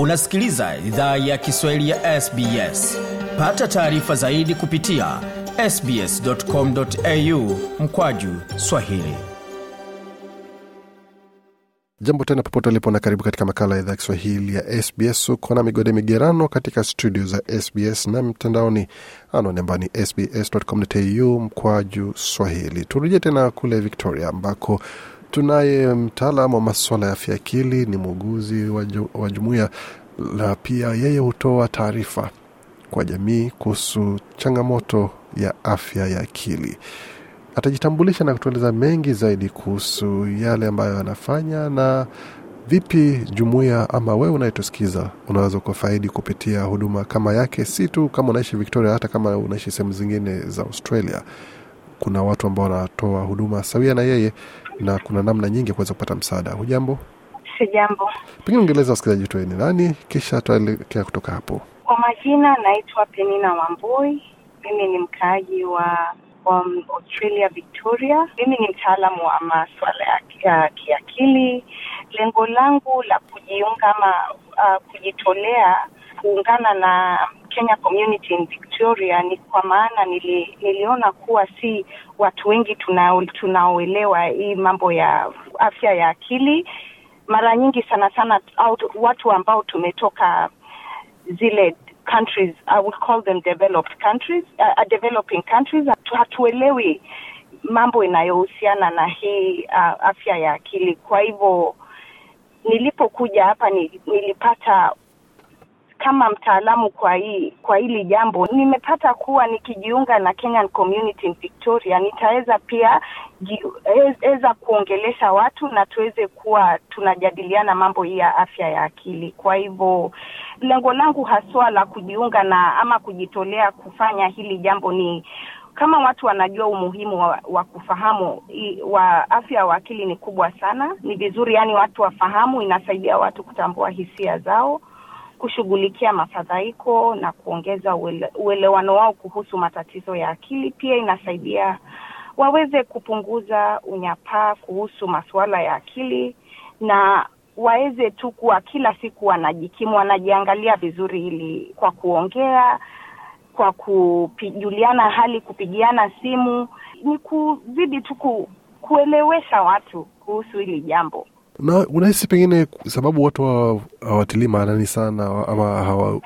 unasikiliza idhaa ya kiswahili ya sbs pata taarifa zaidi kupitia sbscomau mkwaju swahili jambo tena popote ulipo na karibu katika makala ya idhaa ya kiswahili ya sbs uko na migode migerano katika studio za sbs na mtandaoni anaone ambao ni sbscomau mkwaju swahili turujie tena kule victoria ambako Tunaye mtaalam wa maswala ya afya akili, ni muuguzi wa jumuia na pia yeye hutoa taarifa kwa jamii kuhusu changamoto ya afya ya akili. Atajitambulisha na kutueleza mengi zaidi kuhusu yale ambayo anafanya na vipi jumuiya ama wewe unayetusikiza unaweza ukafaidi kupitia huduma kama yake, si tu kama unaishi Victoria, hata kama unaishi sehemu zingine za Australia. Kuna watu ambao wanatoa huduma sawia na yeye na kuna namna nyingi ya kuweza kupata msaada. Hujambo? Sijambo. Pengine ungeeleza wasikilizaji wetu ni nani, kisha tuelekea kutoka hapo. Kwa majina, naitwa Penina Wambui. Mimi ni mkaaji wa Um, Australia Victoria. Mimi ni mtaalamu wa maswala ya kiakili. Lengo langu la kujiunga ama uh, kujitolea kuungana na Kenya Community in Victoria ni kwa maana nili, niliona kuwa si watu wengi tunao, tunaoelewa hii mambo ya afya ya akili. Mara nyingi sana sana out, watu ambao tumetoka zile countries I would call them developed countries uh, uh developing countries hatuelewi mambo inayohusiana na hii uh, afya ya akili. Kwa hivyo nilipokuja hapa ni, nilipata kama mtaalamu kwa hii kwa hili jambo, nimepata kuwa nikijiunga na Kenyan Community in Victoria nitaweza pia weza kuongelesha watu na tuweze kuwa tunajadiliana mambo hii ya afya ya akili. Kwa hivyo lengo langu haswa la kujiunga na ama kujitolea kufanya hili jambo ni kama watu wanajua umuhimu wa, wa kufahamu i, wa afya wa akili ni kubwa sana. Ni vizuri yani watu wafahamu, inasaidia watu kutambua hisia zao kushughulikia mafadhaiko na kuongeza uelewano wao kuhusu matatizo ya akili. Pia inasaidia waweze kupunguza unyapaa kuhusu masuala ya akili na waweze tu kuwa kila siku wanajikimu, wanajiangalia vizuri, ili kwa kuongea, kwa kujuliana hali, kupigiana simu, ni kuzidi tu kuelewesha watu kuhusu hili jambo na unahisi pengine sababu watu hawatilii wa, maanani sana ama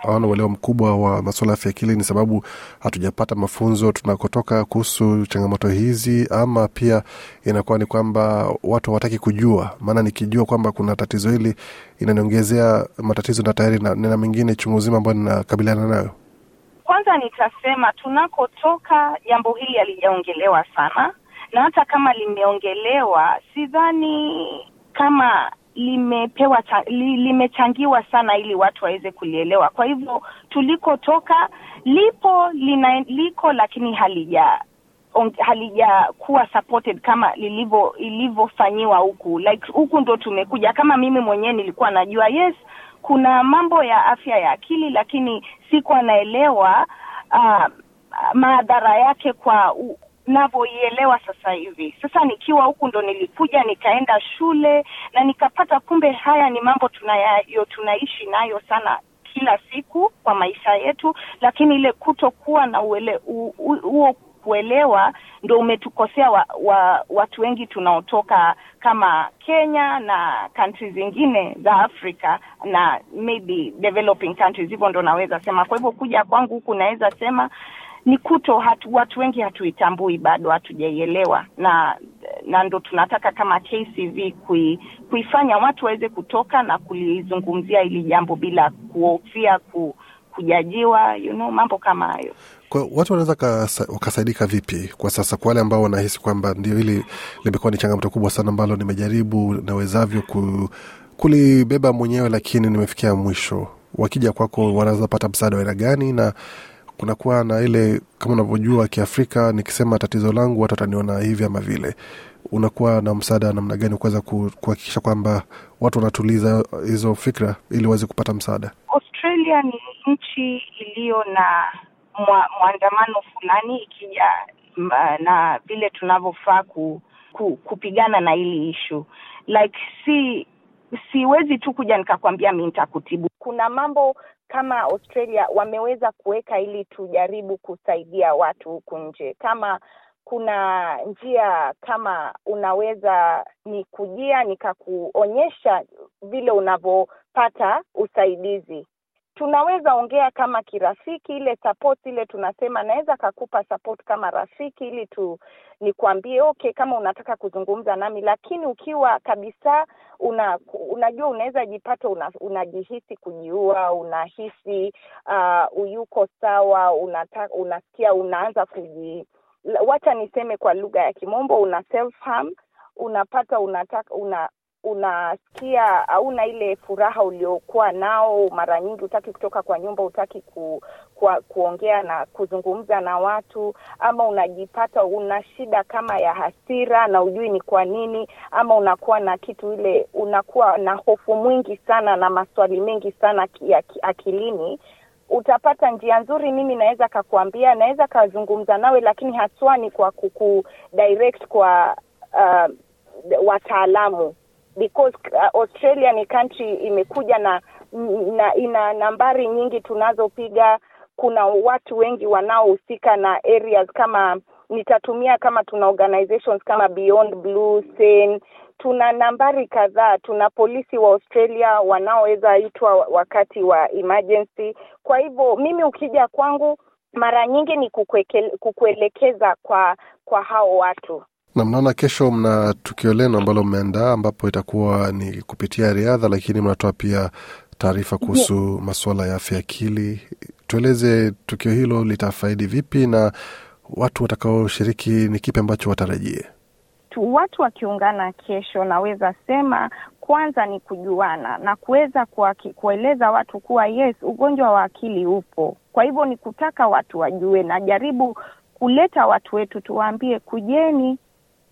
hawana uelewa mkubwa wa masuala ya afya akili, ni sababu hatujapata mafunzo tunakotoka kuhusu changamoto hizi, ama pia inakuwa ni kwamba watu hawataki kujua? Maana nikijua kwamba kuna tatizo hili inaniongezea matatizo na tayari na nena mengine chungu zima ambayo ninakabiliana nayo. Kwanza nitasema tunakotoka, jambo hili halijaongelewa sana, na hata kama limeongelewa sidhani kama limepewa li, limechangiwa sana ili watu waweze kulielewa. Kwa hivyo tulikotoka lipo lina, liko lakini halija halijakuwa supported kama lilivyo ilivyofanyiwa huku, like huku ndo tumekuja. Kama mimi mwenyewe nilikuwa najua yes, kuna mambo ya afya ya akili, lakini sikuwa naelewa uh, madhara yake kwa navyoielewa sasa hivi. Sasa nikiwa huku ndo nilikuja nikaenda shule na nikapata, kumbe haya ni mambo tunayo tunaishi nayo sana kila siku kwa maisha yetu, lakini ile kutokuwa na huo kuelewa ndo umetukosea wa, wa, watu wengi tunaotoka kama Kenya na kantri zingine za Afrika na maybe developing countries, hivyo ndo naweza sema. Kwa hivyo kuja kwangu huku naweza sema ni kuto hatu, watu wengi hatuitambui bado, hatujaielewa na na ndo tunataka kama KCV kui, kuifanya watu waweze kutoka na kulizungumzia hili jambo bila kuhofia ku, kujajiwa you know, mambo kama hayo. Kwa watu wanaweza wakasaidika vipi kwa sasa, kwa wale ambao wanahisi kwamba ndio hili limekuwa ni changamoto kubwa sana ambalo nimejaribu nawezavyo ku, kulibeba mwenyewe lakini nimefikia mwisho, wakija kwako wanaweza pata msaada wa aina gani na kunakuwa na ile kama unavyojua Kiafrika, nikisema tatizo langu watu wataniona hivi ama vile. Unakuwa na msaada namna gani kuweza kuhakikisha kwamba watu wanatuliza hizo fikra ili waweze kupata msaada? Australia ni nchi iliyo na mwandamano mwandamano fulani ikija na vile tunavyofaa ku, ku, kupigana na hili ishu like si siwezi tu kuja nikakwambia mi nitakutibu kuna mambo kama Australia wameweza kuweka ili tujaribu kusaidia watu huku nje, kama kuna njia kama unaweza ni kujia nikakuonyesha vile unavyopata usaidizi tunaweza ongea kama kirafiki, ile support ile tunasema, naweza kakupa support kama rafiki, ili tu nikwambie okay, kama unataka kuzungumza nami. Lakini ukiwa kabisa una, unajua unaweza jipata una, unajihisi kujiua, unahisi uh, uyuko sawa, unataka unasikia, unaanza kuji, wacha niseme kwa lugha ya Kimombo, una self harm unapata unataka una unasikia hauna ile furaha uliokuwa nao mara nyingi, hutaki kutoka kwa nyumba, hutaki ku, kwa, kuongea na kuzungumza na watu, ama unajipata una shida kama ya hasira na ujui ni kwa nini, ama unakuwa na kitu ile, unakuwa na hofu mwingi sana na maswali mengi sana ya akilini utapata njia nzuri. Mimi naweza kakuambia, naweza kazungumza nawe, lakini haswa ni kwa kukudirect kwa uh, wataalamu because uh, Australia ni country imekuja na, na ina nambari nyingi tunazopiga. Kuna watu wengi wanaohusika na areas kama nitatumia kama tuna organizations kama Beyond Blue, sen tuna nambari kadhaa, tuna polisi wa Australia wanaoweza itwa wakati wa emergency. Kwa hivyo mimi ukija kwangu mara nyingi ni kukuelekeza kwa kwa hao watu. Na mnaona kesho mna tukio lenu ambalo mmeandaa ambapo itakuwa ni kupitia riadha, lakini mnatoa pia taarifa kuhusu yeah, masuala ya afya akili. Tueleze tukio hilo litafaidi vipi na watu watakaoshiriki ni kipi ambacho watarajie? Watu wakiungana kesho, naweza sema kwanza ni kujuana na kuweza kueleza watu kuwa yes, ugonjwa wa akili upo. Kwa hivyo ni kutaka watu wajue, na jaribu kuleta watu wetu tuwaambie, kujeni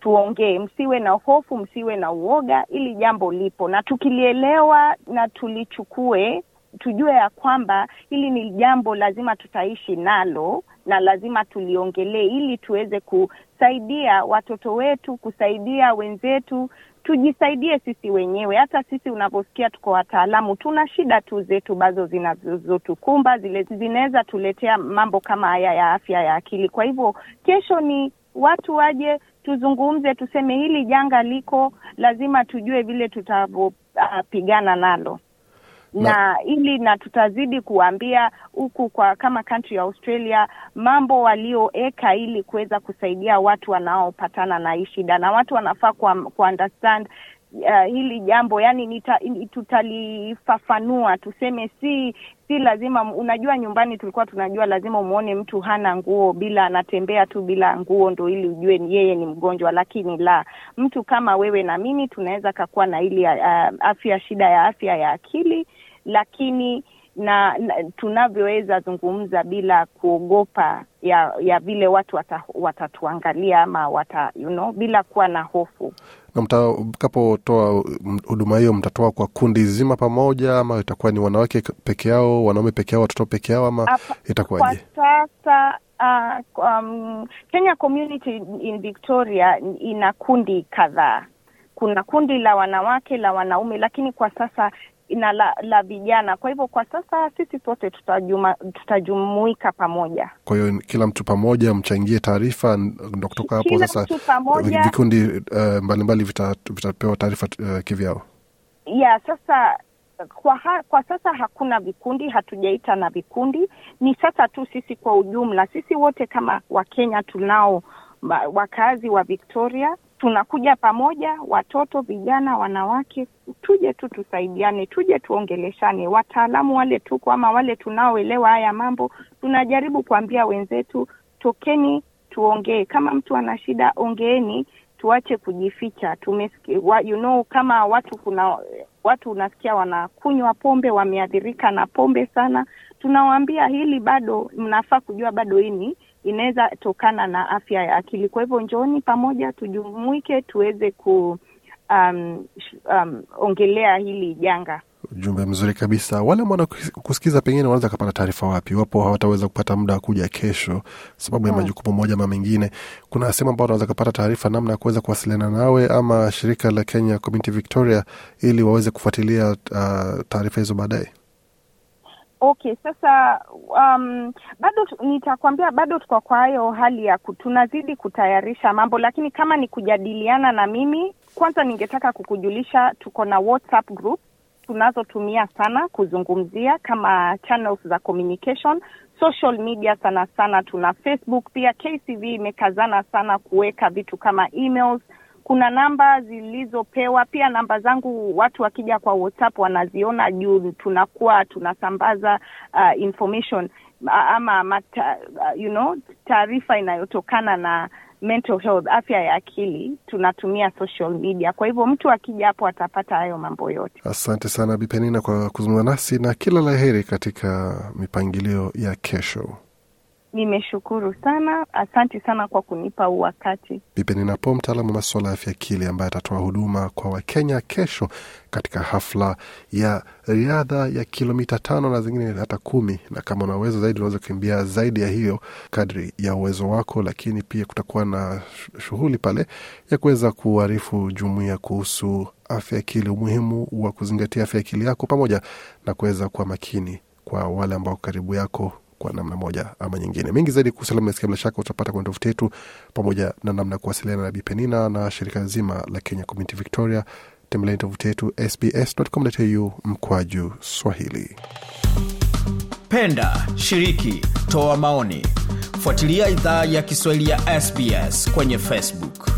tuongee, msiwe na hofu, msiwe na uoga, ili jambo lipo na tukilielewa na tulichukue, tujue ya kwamba hili ni jambo lazima tutaishi nalo na lazima tuliongelee ili tuweze kusaidia watoto wetu, kusaidia wenzetu, tujisaidie sisi wenyewe. Hata sisi unavyosikia tuko wataalamu, tuna shida tu zetu bazo zinazotukumba, zile zinaweza tuletea mambo kama haya ya afya ya akili. Kwa hivyo kesho ni watu waje tuzungumze, tuseme hili janga liko, lazima tujue vile tutavyopigana uh, nalo na ili na tutazidi kuambia huku kwa kama country ya Australia mambo walioeka ili kuweza kusaidia watu wanaopatana na hii shida, na watu wanafaa ku understand uh, hili jambo yani nita, tutalifafanua tuseme si si lazima unajua nyumbani tulikuwa tunajua lazima umuone mtu hana nguo bila anatembea tu bila nguo ndo ili ujue yeye ni mgonjwa lakini la mtu kama wewe na mimi tunaweza kakuwa na ili uh, afya shida ya afya ya akili lakini na, na tunavyoweza zungumza bila kuogopa ya ya vile watu wata, watatuangalia ama wata, you know, bila kuwa na hofu. Na mtakapotoa huduma hiyo mtatoa kwa kundi zima pamoja, ama itakuwa ni wanawake peke yao, wanaume peke yao, watoto peke yao, ama itakuwaje? Kwa sasa uh, um, Kenya Community in Victoria ina kundi kadhaa kuna kundi la wanawake la wanaume, lakini kwa sasa na la, la vijana. Kwa hivyo kwa sasa sisi sote tutajumuika pamoja. Kwa hiyo kila mtu pamoja mchangie taarifa, ndo kutoka hapo sasa eh, vikundi uh, mbalimbali vitapewa taarifa uh, eh, kivyao. ya sasa kwa, ha, kwa sasa hakuna vikundi, hatujaita na vikundi, ni sasa tu sisi kwa ujumla, sisi wote kama Wakenya tunao wakazi wa Victoria tunakuja pamoja, watoto, vijana, wanawake, tuje tu tusaidiane, tuje tuongeleshane. Wataalamu wale tuko ama wale tunaoelewa haya mambo, tunajaribu kuambia wenzetu, tokeni tuongee. Kama mtu ana shida, ongeeni, tuache kujificha. wa, you know, kama watu kuna watu unasikia wanakunywa pombe, wameathirika na pombe sana. Tunawaambia hili bado, mnafaa kujua bado hii ni inaweza tokana na afya ya akili. Kwa hivyo njooni pamoja tujumuike, tuweze ku um, um, ongelea hili janga. Ujumbe mzuri kabisa. Wale ambao wanakusikiza pengine wanaweza kupata taarifa wapi, iwapo hawataweza kupata muda wa kuja kesho sababu ya hmm. majukumu moja ama mengine? Kuna sehemu ambao wanaweza kupata taarifa namna ya kuweza kuwasiliana nawe ama shirika la Kenya Community Victoria ili waweze kufuatilia uh, taarifa hizo baadaye? Okay, sasa um, bado nitakwambia, bado tuko kwa hayo hali ya tunazidi kutayarisha mambo, lakini kama ni kujadiliana na mimi, kwanza ningetaka kukujulisha tuko na WhatsApp group tunazotumia sana kuzungumzia kama channels za communication, social media sana sana, tuna Facebook pia. KCV imekazana sana kuweka vitu kama emails kuna namba zilizopewa pia namba zangu watu wakija kwa whatsapp wanaziona juu tunakuwa tunasambaza uh, information ama mata, uh, you know taarifa inayotokana na mental health afya ya akili tunatumia social media kwa hivyo mtu akija hapo atapata hayo mambo yote asante sana bipenina kwa kuzungumza nasi na kila laheri katika mipangilio ya kesho Nimeshukuru sana, asante sana kwa kunipa uwakati wakati. Ninapo, mtaalamu wa masuala ya afya akili, ambaye atatoa huduma kwa Wakenya kesho katika hafla ya riadha ya kilomita tano na zingine hata kumi, na kama unaweza zaidi unaweza kukimbia zaidi ya hiyo kadri ya uwezo wako, lakini pia kutakuwa na shughuli pale ya kuweza kuarifu jumuia kuhusu afya akili, umuhimu wa kuzingatia afya akili yako, pamoja na kuweza kuwa makini kwa wale ambao karibu yako kwa namna moja ama nyingine. Mengi zaidi kuhusu bila shaka utapata kwenye tovuti yetu, pamoja na namna ya kuwasiliana na Bipenina na shirika zima la Kenya Community Victoria. Tembeleni tovuti yetu sbs.com.au mkwaju Swahili. Penda, shiriki, toa maoni, fuatilia idhaa ya Kiswahili ya SBS kwenye Facebook.